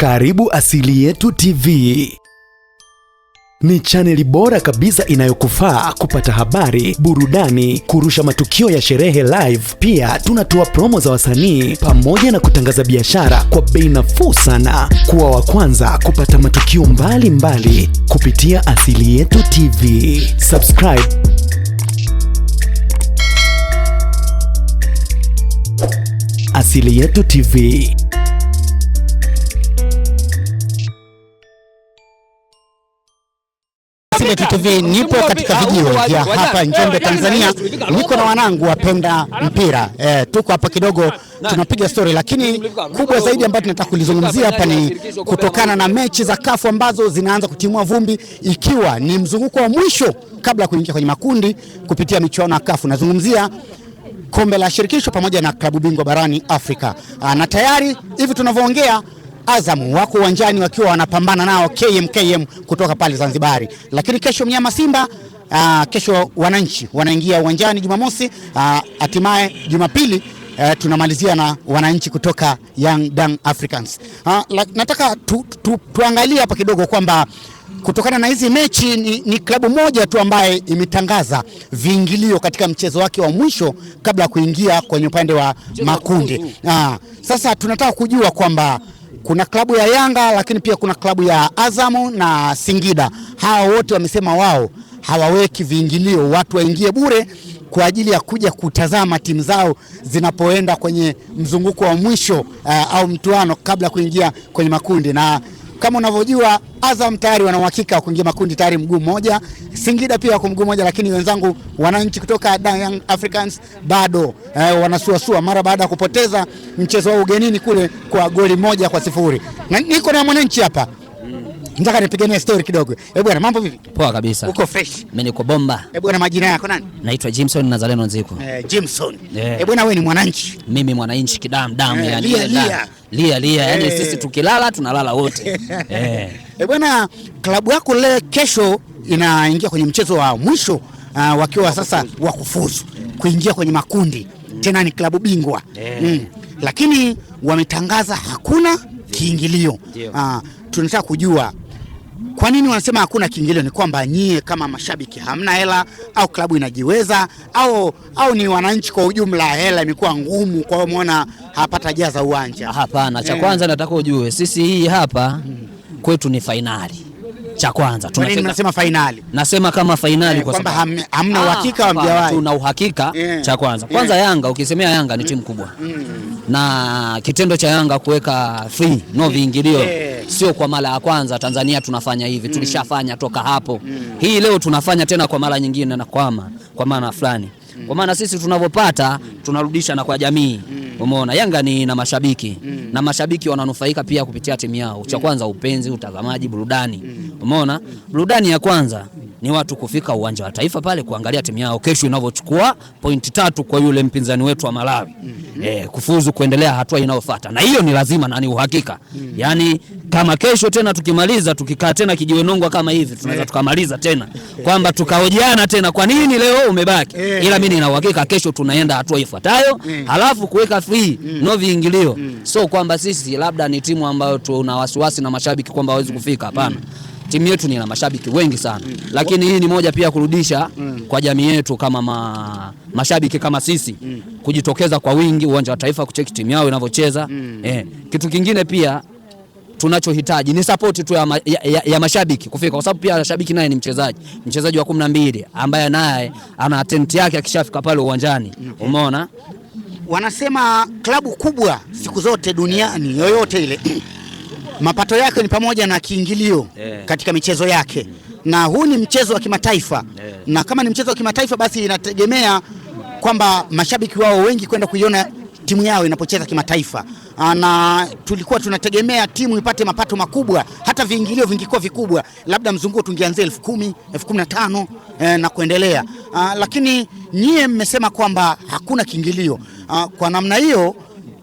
Karibu Asili Yetu TV ni chaneli bora kabisa inayokufaa kupata habari, burudani, kurusha matukio ya sherehe live. Pia tunatoa promo za wasanii pamoja na kutangaza biashara kwa bei nafuu sana. Kuwa wa kwanza kupata matukio mbalimbali mbali kupitia Asili Yetu TV. Subscribe. Asili Yetu TV. Njombe TV, nipo katika vijio vya hapa Njombe, Tanzania. Niko na wanangu wapenda mpira e, tuko hapa kidogo tunapiga stori, lakini kubwa zaidi ambayo tunataka kulizungumzia hapa ni kutokana na mechi za kafu ambazo zinaanza kutimua vumbi, ikiwa ni mzunguko wa mwisho kabla ya kuingia kwenye makundi kupitia michuano ya kafu. Nazungumzia kombe la shirikisho pamoja na klabu bingwa barani Afrika, na tayari hivi tunavyoongea Azam wako uwanjani wakiwa wanapambana nao KMKM kutoka pale Zanzibari, lakini kesho mnyama Simba aa, ah, kesho wananchi wanaingia uwanjani Jumamosi, ah, hatimaye Jumapili uh, tunamalizia na wananchi kutoka Young Dang Africans. Uh, la, nataka tu, tu, tuangalie hapa kidogo kwamba kutokana na hizi mechi ni, ni klabu moja tu ambaye imetangaza viingilio katika mchezo wake wa mwisho kabla ya kuingia kwenye upande wa makundi. Uh, sasa tunataka kujua kwamba kuna klabu ya Yanga lakini pia kuna klabu ya Azamu na Singida. hawa wote wamesema wao hawaweki viingilio, watu waingie bure kwa ajili ya kuja kutazama timu zao zinapoenda kwenye mzunguko wa mwisho uh, au mtuano kabla ya kuingia kwenye makundi na kama unavyojua Azam tayari wana uhakika wa kuingia makundi tayari mguu mmoja, Singida pia kwa mguu mmoja, lakini wenzangu wananchi kutoka Young Africans bado eh, wanasuasua mara baada ya kupoteza mchezo wao ugenini kule kwa goli moja kwa sifuri. Na niko na mwananchi hapa. Nataka nipiganie story kidogo. Eh, bwana mambo vipi? Poa kabisa. Uko fresh. Mimi niko bomba. Eh, bwana majina yako nani? Naitwa Jimson Nazaleno Nziku. Eh, Jimson. Eh. eh, bwana wewe ni mwananchi. Mimi mwananchi kidam dam eh, yani lia lia, yani hey. Eh. Sisi tukilala tunalala wote hey. Eh. Eh, bwana, klabu yako le kesho inaingia kwenye mchezo wa mwisho uh, wakiwa sasa wa kufuzu kuingia kwenye makundi mm. Tena ni klabu bingwa hey. mm. Lakini wametangaza hakuna kiingilio uh, tunataka kujua kwa nini wanasema hakuna kiingilio? Ni kwamba nyie kama mashabiki hamna hela, au klabu inajiweza, au au ni wananchi kwa ujumla, hela imekuwa ngumu, kwa hiyo muona hapata jaza uwanja? Hapana, cha eh. kwanza nataka ujue sisi hii hapa kwetu ni fainali cha kwanza. tunasema finali. Nasema kama finali eh, kwa sababu hamna ah, uhakika wa wao. Tuna uhakika eh. cha kwanza kwanza. Eh. Yanga, ukisemea Yanga ni timu kubwa mm. na kitendo cha Yanga kuweka free no viingilio sio kwa mara ya kwanza. Tanzania tunafanya hivi, mm. tulishafanya toka hapo. Mm. Hii leo tunafanya tena kwa mara nyingine na kwama kwa maana fulani kwa maana sisi tunavyopata tunarudisha na kwa jamii. Umeona, Yanga ni na mashabiki na mashabiki wananufaika pia kupitia timu yao. Cha kwanza upenzi, utazamaji, burudani. Umeona, burudani ya kwanza ni watu kufika uwanja wa taifa pale kuangalia timu yao kesho inavyochukua pointi tatu kwa yule mpinzani wetu wa Malawi mm -hmm. E, kufuzu kuendelea hatua inayofuata, na hiyo ni lazima na ni uhakika mm -hmm. Yani kama kesho tena tukimaliza tukikaa tena kijiwenongwa kama hivi tunaweza eh. tukamaliza tena eh. kwamba tukaojiana tena, kwa nini leo umebaki? Ila mimi nina uhakika kesho tunaenda hatua ifuatayo, halafu kuweka free mm. no viingilio, mm. so kwamba sisi labda ni timu ambayo tuna wasiwasi na mashabiki kwamba hawezi kufika, hapana. mm -hmm timu yetu ni na mashabiki wengi sana mm. Lakini hii ni moja pia kurudisha mm. kwa jamii yetu kama ma, mashabiki kama sisi mm. kujitokeza kwa wingi uwanja wa Taifa kucheki timu yao inavyocheza mm. eh. Kitu kingine pia tunachohitaji ni sapoti tu ya, ma, ya, ya, ya mashabiki kufika, kwa sababu pia shabiki naye ni mchezaji, mchezaji wa kumi na mbili ambaye naye ana tenti yake akishafika pale uwanjani okay. Umeona, wanasema klabu kubwa siku zote duniani yoyote ile Mapato yake ni pamoja na kiingilio yeah. katika michezo yake na huu ni mchezo wa kimataifa yeah. na kama ni mchezo wa kimataifa basi inategemea kwamba mashabiki wao wengi kwenda kuiona timu yao inapocheza kimataifa, ah, na tulikuwa tunategemea timu ipate mapato makubwa, hata viingilio vingikuwa vikubwa, labda mzunguko tungeanzia elfu kumi elfu kumi na tano eh, na kuendelea. Aa, ah, lakini nyie mmesema kwamba hakuna kiingilio. Aa, ah, kwa namna hiyo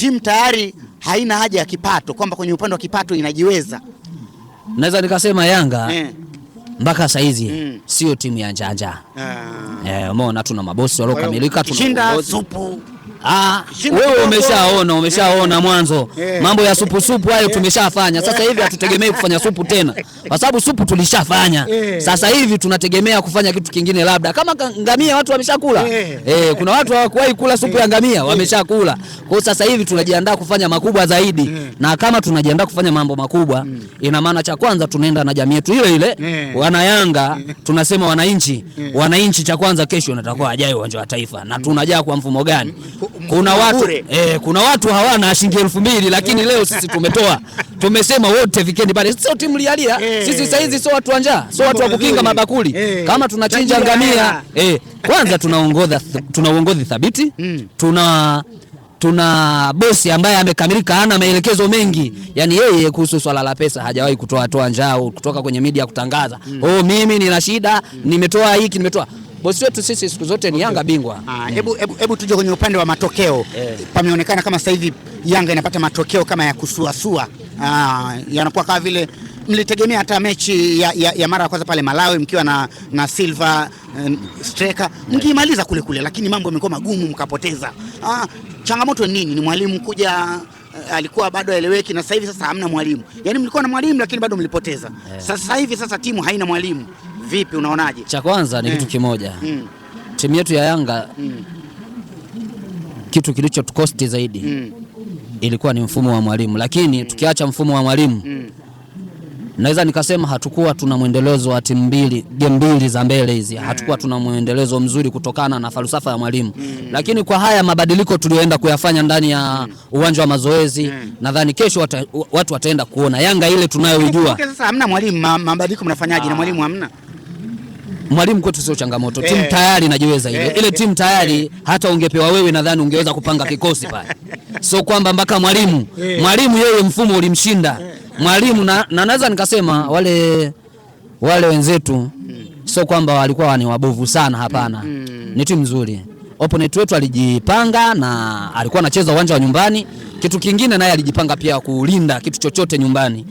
timu tayari haina haja ya kipato, kwamba kwenye upande wa kipato inajiweza. Naweza nikasema Yanga eh mpaka hizi mm. Sio timu ya njanja, ah. eh, umeona. Yeah. tuna mabosi waliokamilika, tuna supu Ah, wewe umeshaona umeshaona eh. mwanzo eh. Mambo ya supu supu hayo eh. Tumeshafanya sasa hivi hatutegemei kufanya supu tena, kwa sababu supu tulishafanya Sasa hivi tunategemea kufanya kitu kingine, labda kama ngamia watu wameshakula Eh, kuna watu hawakuwahi kula supu ya ngamia wameshakula. Kwa hiyo sasa hivi tunajiandaa kufanya makubwa zaidi Na kama tunajiandaa kufanya mambo makubwa hmm. Ina maana cha kwanza tunaenda na jamii yetu ile ile yeah. Wanayanga tunasema wananchi Wananchi cha kwanza kesho natakuwa ajaye uwanja wa Taifa na hmm. tunajaa kwa mfumo gani? kuna watu, eh, kuna watu hawana shilingi elfu mbili lakini leo sisi tumetoa tumesema wote vikendi pale, sio timu lialia eh. Sisi sasa hizi sio watu wa njaa, sio watu wa kukinga mabakuli eh. Kama tunachinja ngamia eh, Kwanza tunaongoza tuna uongozi thabiti mm. tuna tuna bosi ambaye amekamilika, ana maelekezo mengi. Yani yeye kuhusu swala la pesa hajawahi kutoa toa njao kutoka kwenye media kutangaza mm. oh, mimi nina shida mm. nimetoa hiki nimetoa bosi wetu sisi siku zote ni Yanga bingwa. Ah, hebu hebu hebu tuje kwenye upande wa matokeo yeah. Pameonekana kama sasa hivi Yanga inapata matokeo kama ya kusuasua, ah, yanakuwa kama vile mlitegemea hata mechi ya, ya, ya mara ya kwanza pale Malawi mkiwa na, na Silva eh, striker eh. mkiimaliza kule kule, lakini mambo yamekuwa magumu mkapoteza. Ah, changamoto ni nini? Ni mwalimu kuja eh, alikuwa bado aeleweki, na sasa hivi sasa hamna mwalimu. Yani mlikuwa na mwalimu lakini bado mlipoteza. Sasa hivi sasa timu haina mwalimu, Vipi, unaonaje? Cha kwanza ni mm. kitu kimoja mm. timu yetu ya Yanga mm. kitu kilichotukosti zaidi mm. ilikuwa ni mfumo wa mwalimu, lakini mm. tukiacha mfumo wa mwalimu mm. naweza nikasema hatukuwa tuna mwendelezo wa timu mbili, game mbili za mbele hizi mm. hatukuwa tuna mwendelezo mzuri kutokana na falsafa ya mwalimu mm. lakini kwa haya mabadiliko tulioenda kuyafanya ndani ya mm. uwanja wa mazoezi mm. nadhani kesho wata, watu wataenda kuona Yanga ile tunayoijua. Sasa hamna mwalimu, mabadiliko mnafanyaje na ah. mwalimu hamna? mwalimu kwetu sio changamoto Timu eh. tayari inajiweza ile eh. Ile timu tayari Hata ungepewa wewe, nadhani ungeweza kupanga kikosi pale, sio kwamba mpaka mwalimu eh. Mwalimu yeye mfumo ulimshinda mwalimu, na naweza nikasema wale wale wenzetu hmm. sio kwamba walikuwa ni wabovu sana, hapana hmm. Hmm. Ni timu nzuri, opponent wetu alijipanga na alikuwa anacheza uwanja wa nyumbani. Kitu kingine naye alijipanga pia kulinda kitu chochote nyumbani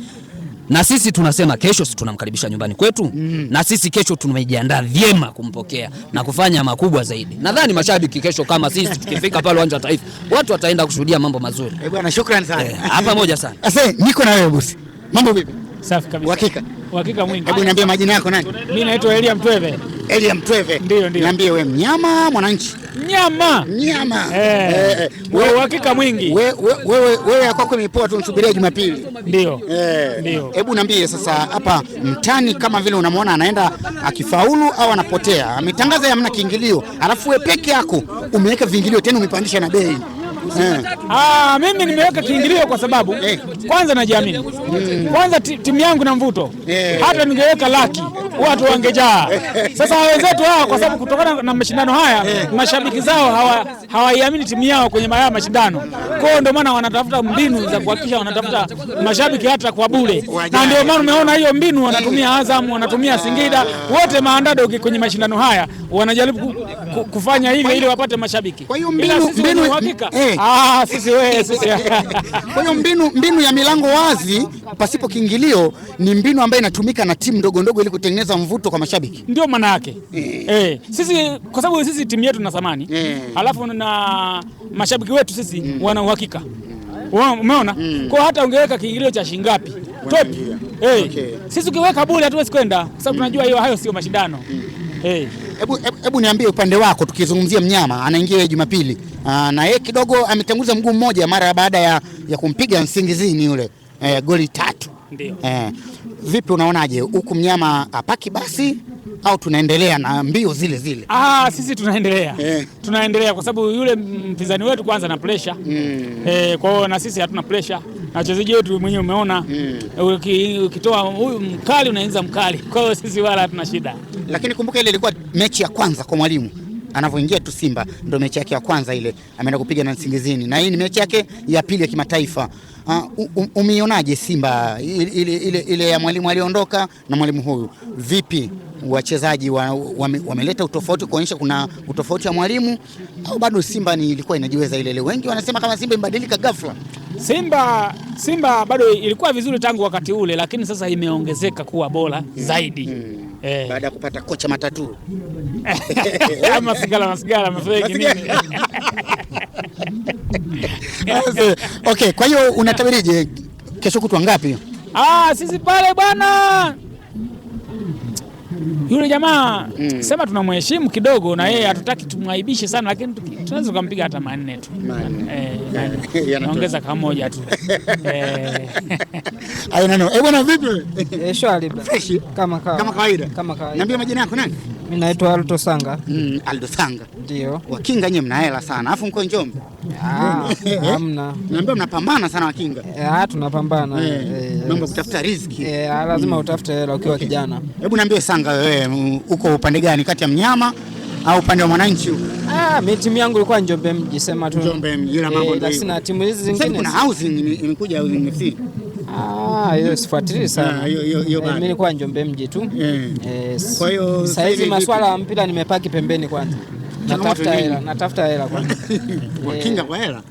na sisi tunasema kesho, si tunamkaribisha nyumbani kwetu mm. na sisi kesho tumejiandaa vyema kumpokea na kufanya makubwa zaidi. Nadhani mashabiki kesho, kama sisi tukifika pale uwanja wa Taifa, watu wataenda kushuhudia mambo mazuri. Eh bwana, shukrani sana eh, hapa moja sana. Asante, niko na wewe bosi. Mambo vipi? Safi kabisa. Uhakika. Uhakika mwingi. Hebu niambie majina yako nani? Mimi naitwa Elia Mtweve. Elia Mtweve. Ndio, ndio. Niambie wewe mnyama mwananchi? Nyama. Nyama. Eh. Eh, wewe eh, eh. uhakika mwingi. Wewe wewe wewe yako kwa mipoa tu nisubirie Jumapili. Ndio. Eh. Ndio. Hebu niambie sasa hapa mtani kama vile unamwona anaenda akifaulu au anapotea. Ametangaza hamna kiingilio. Alafu wewe peke yako umeweka viingilio tena umepandisha na bei. Eh. Ah, mimi nimeweka kiingilio kwa sababu eh, kwanza najiamini mm. Kwanza timu yangu na mvuto eh. Hata ningeweka laki watu wangejaa. Eh. Sasa wenzetu hawa kwa sababu kutokana na mashindano haya eh, mashabiki zao hawaiamini hawa timu yao kwenye haya mashindano kwao, ndio maana wanatafuta mbinu za kuhakikisha wanatafuta mashabiki hata kwa bure, na ndio maana umeona hiyo mbinu wanatumia Azam, wanatumia Singida, wote maandado kwenye mashindano haya wanajaribu kufanya hivyo ili wapate mashabiki. Kwa hiyo mbinu, mbinu, eh, Ah, sisi wewe, sisi. Kwa hiyo mbinu, mbinu ya milango wazi pasipo kiingilio ni mbinu ambayo inatumika na timu ndogo ndogo ili kutengeneza mvuto kwa mashabiki, ndio maana yake eh. Eh, sisi kwa sababu sisi timu yetu na thamani eh, alafu na mashabiki wetu sisi mm, wana uhakika umeona mm. Kwa hata ungeweka kiingilio cha shingapi top hey. Eh. Okay. Sisi ukiweka bure hatuwezi kwenda kwa sababu mm. tunajua mm, hiyo hayo sio mashindano mm. hey. Eh. Hebu niambie upande wako, tukizungumzia mnyama anaingia Jumapili ah, na yeye kidogo ametanguliza mguu mmoja mara baada ya, ya kumpiga msingizini yule e, goli tatu e, vipi unaonaje huku mnyama apaki basi au tunaendelea na mbio zile zile? Ah, sisi tunaendelea eh, tunaendelea kwa sababu yule mpinzani wetu kwanza na pressure mm. Eh, kwa hiyo na sisi hatuna pressure na wachezaji wetu mwenyewe umeona mm. Ukitoa huyu mkali unaanza mkali, kwa hiyo sisi wala hatuna shida lakini kumbuka ile ilikuwa mechi ya kwanza kwa mwalimu anavyoingia tu Simba, ndio mechi yake ya kwanza ile, ameenda kupiga na Nsingizini, na hii ni mechi yake ya pili ya kimataifa. Uh, umeionaje Simba ile, ile, ile ya mwalimu aliondoka na mwalimu huyu? Vipi wachezaji wameleta wame utofauti kuonyesha kuna utofauti wa mwalimu, au bado Simba ni ilikuwa inajiweza ile ile? Wengi wanasema kama Simba imebadilika ghafla. Simba Simba bado ilikuwa vizuri tangu wakati ule, lakini sasa imeongezeka kuwa bora zaidi hmm eh, baada ya kupata kocha matatu masigala masigala eh, Okay, kwa hiyo unatabirije kesho kutwa ngapi? Ah, sisi pale bwana yule jamaa mm. Sema tunamheshimu kidogo na yeye hatutaki tumwaibishe sana, lakini tunaweza kumpiga hata manne tu eh, naongeza kama moja tu eh. eh. Bwana vipi? Eh, Shwari kama kawaida. Kama kawaida. Niambie majina yako nani? Mimi naitwa Aldo Sanga. Mm, Aldo Sanga. Ndio. Wakinga nyewe mna hela sana. Alafu mko Njombe? Ah, ah. Hamna. Naambia mnapambana sana Wakinga. Eh, ah, tunapambana. Eh, eh, eh. Mambo kutafuta riziki. Eh, lazima mm. utafute hela ukiwa kijana. Hebu niambie Sanga wewe uko upande gani kati ya mnyama au upande wa mwananchi huko? Ah, mimi timu yangu ilikuwa Njombe mji sema tu. Njombe mji mambo ndio. na timu hizi zingine. Kuna housing imekuja housing FC. Ah, hiyo sifuatili ah, sana eh, mimi nilikuwa Njombe mji tu. Eh. Eh, kwa hiyo sasa hivi masuala ya mpira nimepaki pembeni kwanza. Natafuta hela, natafuta hela kwanza. Kwa kwa hela.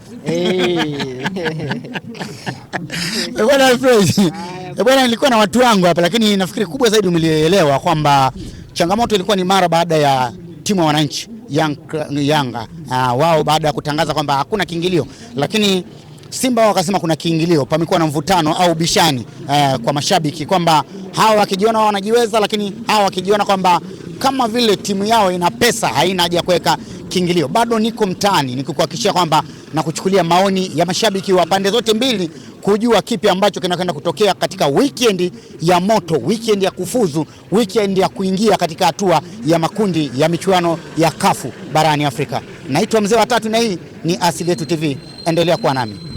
Ah, bwana, nilikuwa na watu wangu hapa lakini nafikiri kubwa zaidi umelielewa kwamba changamoto ilikuwa ni mara baada ya timu ya wananchi Yanga wao baada ya kutangaza kwamba hakuna kiingilio lakini Simba wao wakasema kuna kiingilio, pamekuwa na mvutano au bishani eh, kwa mashabiki kwamba hawa wakijiona wanajiweza, lakini hawa wakijiona kwamba kama vile timu yao ina pesa haina haja ya kuweka kiingilio. Bado niko mtaani nikikuhakikishia kwamba na kuchukulia maoni ya mashabiki wa pande zote mbili kujua kipi ambacho kinakwenda kutokea katika weekend ya moto, weekend ya kufuzu, weekend ya kuingia katika hatua ya makundi ya michuano ya kafu barani Afrika. Naitwa mzee wa tatu na hii ni Asili Yetu TV, endelea kuwa nami.